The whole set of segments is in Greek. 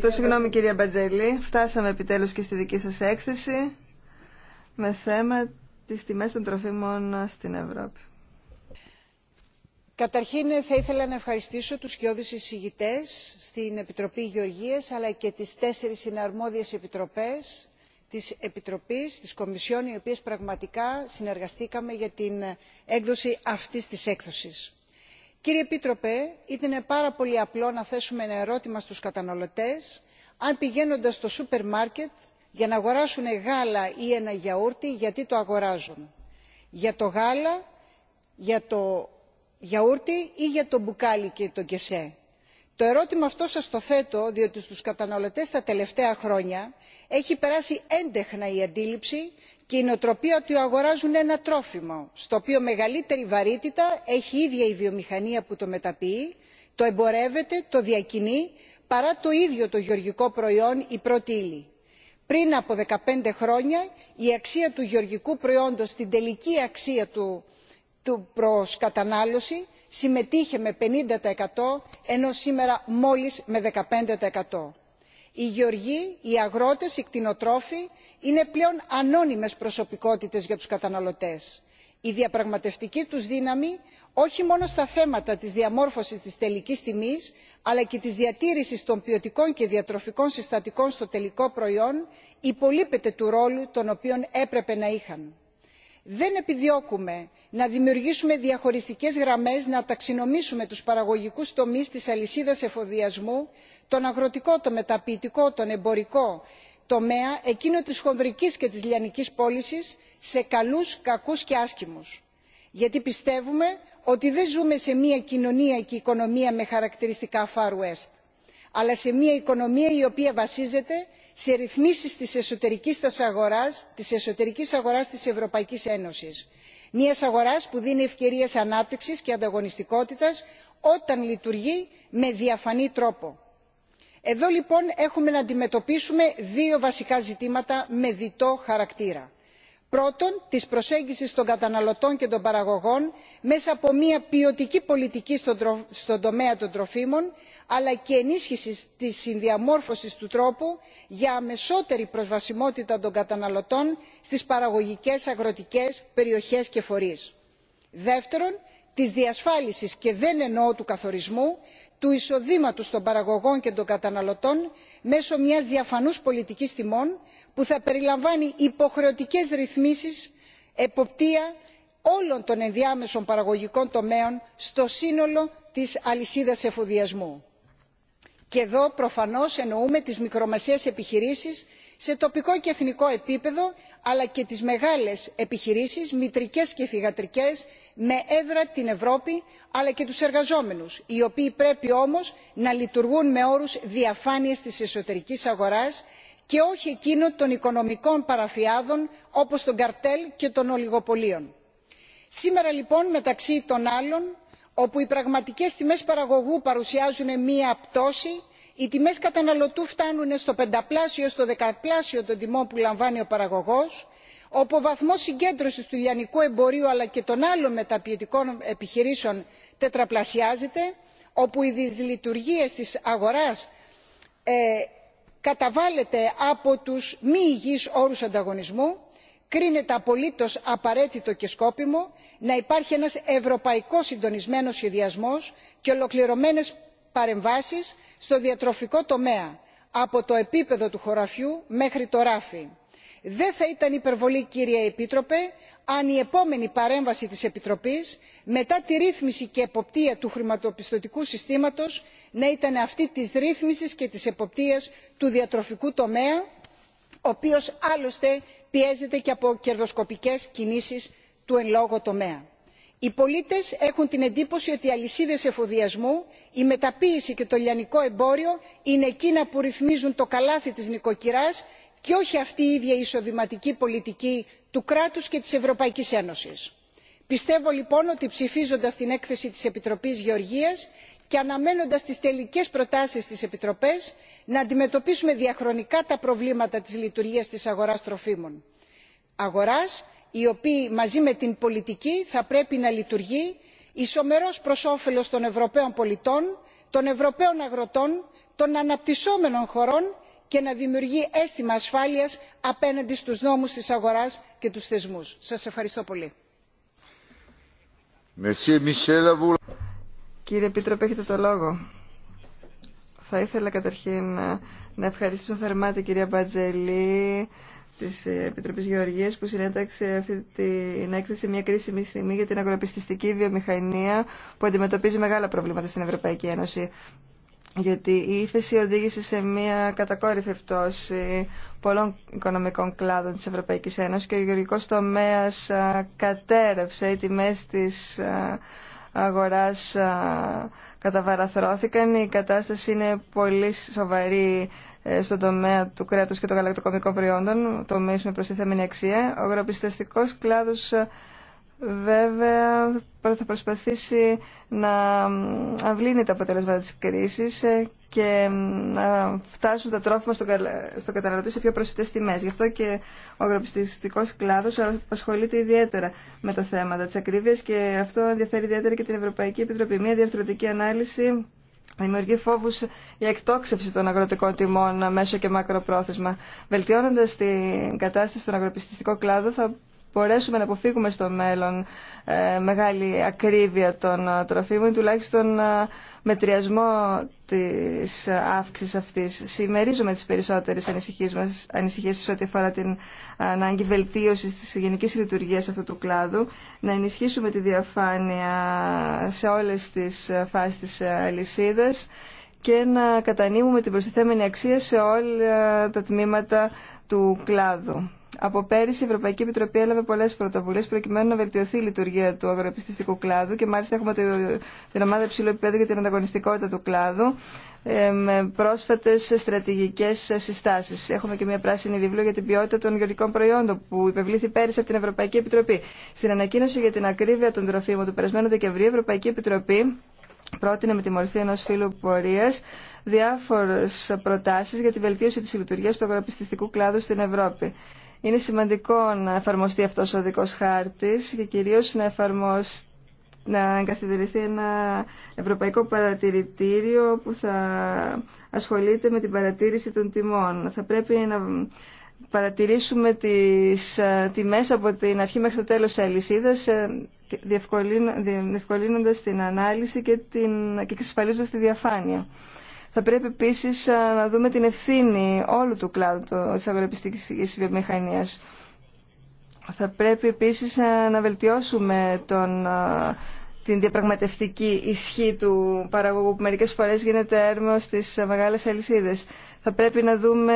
Το συγγνώμη κυρία Μπατζέλη, φτάσαμε επιτέλους και στη δική σας έκθεση με θέμα τις τιμές των τροφίμων στην Ευρώπη. Καταρχήν θα ήθελα να ευχαριστήσω τους κοιόδης εισηγητές στην Επιτροπή Γεωργίας αλλά και τις τέσσερις συναρμόδιες επιτροπές της Επιτροπής, της Κομισιόν οι οποίες πραγματικά συνεργαστήκαμε για την έκδοση αυτής της έκδοσης Κύριε Επίτροπε, ήταν πάρα πολύ απλό να θέσουμε ένα ερώτημα στους καταναλωτές αν πηγαίνοντας στο σούπερ μάρκετ για να αγοράσουν γάλα ή ένα γιαούρτι γιατί το αγοράζουν. Για το γάλα, για το γιαούρτι ή για το μπουκάλι και το κεσέ. Το ερώτημα αυτό σας το θέτω διότι στους καταναλωτές τα τελευταία χρόνια έχει περάσει έντεχνα η αντίληψη και η νοοτροπία ότι αγοράζουν ένα τρόφιμο στο οποίο μεγαλύτερη βαρύτητα έχει η ίδια η βιομηχανία που το μεταποιεί το εμπορεύεται το διακινεί παρά το ίδιο το γεωργικό προϊόν η πρώτη ύλη. πριν από δεκαπέντε χρόνια η αξία του γεωργικού προϊόντος στην τελική αξία του προς κατανάλωση συμμετείχε με 50% ενώ σήμερα μόλις με 15% οι γεωργοί οι αγρότες οι κτηνοτρόφοι είναι πλέον ανώνυμες προσωπικότητες για τους καταναλωτές. η διαπραγματευτική τους δύναμη όχι μόνο στα θέματα της διαμόρφωσης της τελικής τιμής αλλά και της διατήρησης των ποιοτικών και διατροφικών συστατικών στο τελικό προϊόν υπολείπεται του ρόλου τον οποίο έπρεπε να είχαν δεν επιδιώκουμε να δημιουργήσουμε διαχωριστικές γραμμές να ταξινομήσουμε τους παραγωγικούς τομείς της αλυσίδας εφοδιασμού τον αγροτικό τον μεταποιητικό τον εμπορικό τομέα εκείνο της χονδρικής και της λιανικής πώλησης σε καλούς κακούς και άσχημους γιατί πιστεύουμε ότι δεν ζούμε σε μια κοινωνία και οικονομία με χαρακτηριστικά far west αλλά σε μια οικονομία η οποία βασίζεται σε ρυθμίσεις της εσωτερικής αγοράς της, εσωτερικής αγοράς της Ευρωπαϊκής Ένωσης. Μιας αγοράς που δίνει ευκαιρίες ανάπτυξης και ανταγωνιστικότητας όταν λειτουργεί με διαφανή τρόπο. Εδώ λοιπόν έχουμε να αντιμετωπίσουμε δύο βασικά ζητήματα με διτό χαρακτήρα πρώτον της προσέγγισης των καταναλωτών και των παραγωγών μέσα από μια ποιοτική πολιτική στον τομέα των τροφίμων αλλά και ενίσχυσης της συνδιαμόρφωσης του τρόπου για αμεσότερη προσβασιμότητα των καταναλωτών στις παραγωγικές αγροτικές περιοχές και φορείς. δεύτερον της διασφάλισης και δεν εννοώ του καθορισμού του εισοδήματος των παραγωγών και των καταναλωτών μέσω μιας διαφανούς πολιτικής τιμών που θα περιλαμβάνει υποχρεωτικές ρυθμίσεις εποπτεία όλων των ενδιάμεσων παραγωγικών τομέων στο σύνολο της αλυσίδας εφοδιασμού. και εδώ προφανώς εννοούμε τις μικρομεσαίες επιχειρήσεις σε τοπικό και εθνικό επίπεδο αλλά και τις μεγάλες επιχειρήσεις μητρικές και θυγατρικές με έδρα την ευρώπη αλλά και τους εργαζόμενους οι οποίοι πρέπει όμως να λειτουργούν με όρους διαφάνειας της εσωτερικής αγοράς και όχι εκείνο των οικονομικών παραφιάδων όπως των καρτέλ και των ολιγοπολίων. σήμερα λοιπόν μεταξύ των άλλων όπου οι πραγματικές τιμές παραγωγού παρουσιάζουν μία πτώση οι τιμές καταναλωτού φτάνουν στο πενταπλάσιο στο δεκαπλάσιο των τιμών που λαμβάνει ο παραγωγός όπου ο βαθμός συγκέντρωσης του λιανικού εμπορίου αλλά και των άλλων μεταποιητικών επιχειρήσεων τετραπλασιάζεται όπου οι δυσλειτουργίες της αγοράς ε, καταβάλλεται από τους μη υγιείς όρους ανταγωνισμού κρίνεται απολύτως απαραίτητο και σκόπιμο να υπάρχει ένας ευρωπαϊκός συντονισμένος σχεδιασμός και ολοκληρωμένες παρεμβάσεις στο διατροφικό τομέα από το επίπεδο του χωραφιού μέχρι το ράφι δεν θα ήταν υπερβολή κύριε επίτροπε αν η επόμενη παρέμβαση της επιτροπής μετά τη ρύθμιση και εποπτεία του χρηματοπιστωτικού συστήματος να ήταν αυτή της ρύθμισης και της εποπτείας του διατροφικού τομέα ο οποίος άλλωστε πιέζεται και από κερδοσκοπικές κινήσεις του εν λόγω τομέα. οι πολίτες έχουν την εντύπωση ότι οι αλυσίδες εφοδιασμού η μεταποίηση και το λιανικό εμπόριο είναι εκείνα που ρυθμίζουν το καλάθι της νοικοκυρά και όχι αυτή η ίδια εισοδηματική πολιτική του κράτους και της ευρωπαϊκής ένωσης. πιστεύω λοιπόν ότι ψηφίζοντας την έκθεση της επιτροπής γεωργίας και αναμένοντας τις τελικές προτάσεις της επιτροπής να αντιμετωπίσουμε διαχρονικά τα προβλήματα της λειτουργίας της αγοράς τροφίμων αγοράς η οποία μαζί με την πολιτική θα πρέπει να λειτουργεί ισομερός προς όφελος των ευρωπαίων πολιτών των ευρωπαίων αγροτών των αναπτυσσόμενων χωρών και να δημιουργεί αίσθημα ασφάλεια απέναντι στους νόμους της αγοράς και τους θεσμούς. Σας ευχαριστώ πολύ. Κύριε Επίτροπε, έχετε το λόγο. Θα ήθελα καταρχήν ε, να ευχαριστήσω θερμά την κυρία Μπατζελή της Επιτροπής Γεωργίας που συνέταξε αυτή την έκθεση μια κρίσιμη στιγμή για την αγροπιστιστική βιομηχανία που αντιμετωπίζει μεγάλα προβλήματα στην Ευρωπαϊκή Ένωση γιατί η ύφεση οδήγησε σε μια κατακόρυφη πτώση πολλών οικονομικών κλάδων της Ευρωπαϊκής Ένωσης και ο γεωργικός τομέας κατέρευσε, οι τιμές της αγοράς καταβαραθρώθηκαν. Η κατάσταση είναι πολύ σοβαρή ε, στον τομέα του κρέατος και των γαλακτοκομικών προϊόντων, τομείς με προστιθέμενη αξία. Ο αγροπιστεστικός κλάδος Βέβαια θα προσπαθήσει να αυλύνει τα αποτελέσματα της κρίσης και να φτάσουν τα τρόφιμα στο καταναλωτή σε πιο προσιτές τιμές. Γι' αυτό και ο αγροπιστικός κλάδος απασχολείται ιδιαίτερα με τα θέματα της ακρίβειας και αυτό ενδιαφέρει ιδιαίτερα και την Ευρωπαϊκή Επιτροπή. Μια διαρθρωτική ανάλυση δημιουργεί φόβους για εκτόξευση των αγροτικών τιμών μέσω και μακροπρόθεσμα. Βελτιώνοντας την κατάσταση στον αγροπιστικό κλάδο θα μπορέσουμε να αποφύγουμε στο μέλλον ε, μεγάλη ακρίβεια των ε, τροφίμων ή τουλάχιστον ε, μετριασμό της αύξησης αυτής. Συμμερίζουμε τις περισσότερες ανησυχίες μας, ανησυχίες ό,τι αφορά την ανάγκη βελτίωσης της γενικής λειτουργίας αυτού του κλάδου, να ενισχύσουμε τη διαφάνεια σε όλες τις φάσεις της αλυσίδας και να κατανείμουμε την προστιθέμενη αξία σε όλα τα τμήματα του κλάδου. Από πέρυσι η Ευρωπαϊκή Επιτροπή έλαβε πολλέ πρωτοβουλίε προκειμένου να βελτιωθεί η λειτουργία του αγροεπιστηστικού κλάδου και μάλιστα έχουμε την ομάδα υψηλού επίπεδου για την ανταγωνιστικότητα του κλάδου ε, με πρόσφατε στρατηγικέ συστάσει. Έχουμε και μια πράσινη βιβλία για την ποιότητα των γεωργικών προϊόντων που υπευλήθη πέρυσι από την Ευρωπαϊκή Επιτροπή. Στην ανακοίνωση για την ακρίβεια των τροφίμων του περασμένου Δεκεμβρίου, η Ευρωπαϊκή Επιτροπή πρότεινε με τη μορφή ενό φίλου πορεία διάφορε προτάσει για τη βελτίωση τη λειτουργία του αγροεπιστηστικού κλάδου στην Ευρώπη. Είναι σημαντικό να εφαρμοστεί αυτός ο δικός χάρτης και κυρίως να εφαρμοστεί να εγκαθιδρυθεί ένα ευρωπαϊκό παρατηρητήριο που θα ασχολείται με την παρατήρηση των τιμών. Θα πρέπει να παρατηρήσουμε τις ε, τιμές από την αρχή μέχρι το τέλος της αλυσίδας, ε, διευκολύνοντας την ανάλυση και, την, και εξασφαλίζοντας τη διαφάνεια. Θα πρέπει επίσης να δούμε την ευθύνη όλου του κλάδου τη αγορεπιστικής Βιομηχανία. Θα πρέπει επίσης να βελτιώσουμε τον την διαπραγματευτική ισχύ του παραγωγού που μερικές φορές γίνεται έρμος στις μεγάλες αλυσίδες. Θα πρέπει να δούμε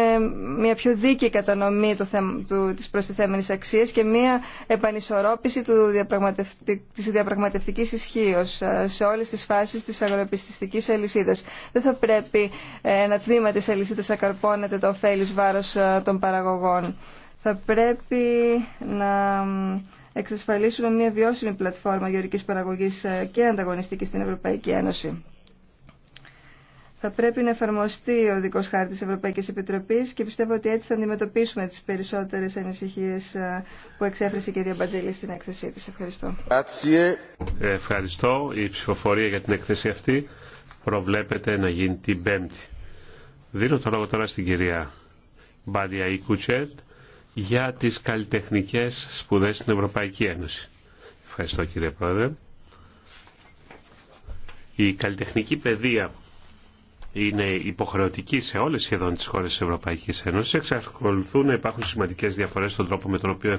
μια πιο δίκαιη κατανομή του, του, της προστιθέμενης αξίας και μια επανισορρόπηση του διαπραγματευτικ... της διαπραγματευτικής ισχύω ε, σε όλες τις φάσεις της αγροεπιστιστικής αλυσίδας. Δεν θα πρέπει ένα τμήμα της αλυσίδας να καρπώνεται το ωφέλης βάρος ε, των παραγωγών. Θα πρέπει να εξασφαλίσουμε μια βιώσιμη πλατφόρμα γεωρικής παραγωγής ε, και ανταγωνιστική στην Ευρωπαϊκή Ένωση. Θα πρέπει να εφαρμοστεί ο δικό δικός τη Ευρωπαϊκή Επιτροπή και πιστεύω ότι έτσι θα αντιμετωπίσουμε τι περισσότερε ανησυχίε ε, που εξέφρασε η κυρία Μπατζέλη στην έκθεσή τη. Ευχαριστώ. Ευχαριστώ. Η ψηφοφορία για την έκθεση αυτή προβλέπεται να γίνει την Πέμπτη. Δίνω το λόγο τώρα στην κυρία Μπάντια Ικουτσέτ για τις καλλιτεχνικές σπουδές στην Ευρωπαϊκή Ένωση. Ευχαριστώ κύριε Πρόεδρε. Η καλλιτεχνική παιδεία είναι υποχρεωτική σε όλες σχεδόν τις χώρες της Ευρωπαϊκής Ένωσης. Εξακολουθούν να υπάρχουν σημαντικές διαφορές στον τρόπο με τον οποίο